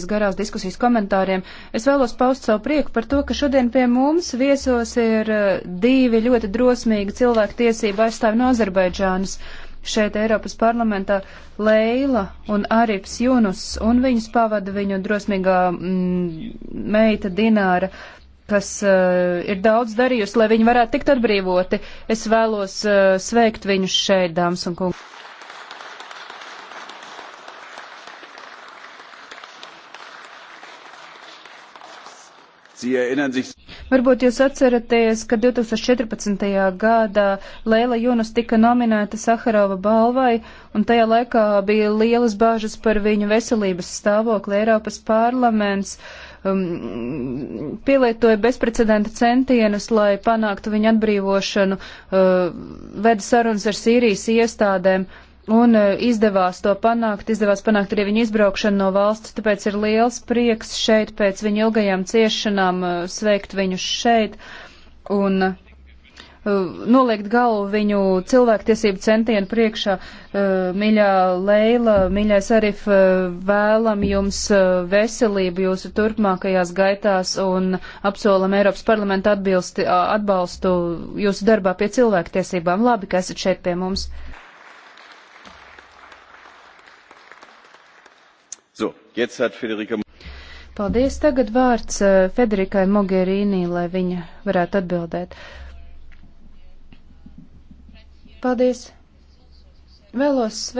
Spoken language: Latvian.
šīs garās diskusijas komentāriem. Es vēlos paust savu prieku par to, ka šodien pie mums viesos ir uh, divi ļoti drosmīgi cilvēku tiesību aizstāvi no Azerbaidžānas šeit Eiropas parlamentā Leila un Arips Junus, un viņus pavada viņu drosmīgā mm, meita Dināra kas uh, ir daudz darījusi, lai viņi varētu tikt atbrīvoti. Es vēlos uh, sveikt viņus šeit, dāmas un kungi. Varbūt jūs atceraties, ka 2014. gadā Leila Junas tika nominēta Saharova balvai, un tajā laikā bija lielas bāžas par viņu veselības stāvokli. Eiropas parlaments um, pielietoja bezprecedenta centienus, lai panāktu viņa atbrīvošanu, uh, veda sarunas ar Sīrijas iestādēm. Uh, Un eh, izdevās to panākt, izdevās panākt arī viņa izbraukšanu no valsts, tāpēc ir liels prieks šeit pēc viņa ilgajām ciešanām eh, sveikt viņu šeit un eh, noliegt galvu viņu cilvēktiesību centienu priekšā. Mīļā Leila, mīļais Arif, vēlam jums veselību jūsu turpmākajās gaitās un apsolam Eiropas parlamentu atbilsti, atbalstu jūsu darbā pie cilvēktiesībām. Labi, ka esat šeit pie mums. So, jetzt hat Federica... Paldies. Tagad vārds eh, Federikai Mogherīnī, lai viņa varētu atbildēt. Paldies. Vēlos sveikt.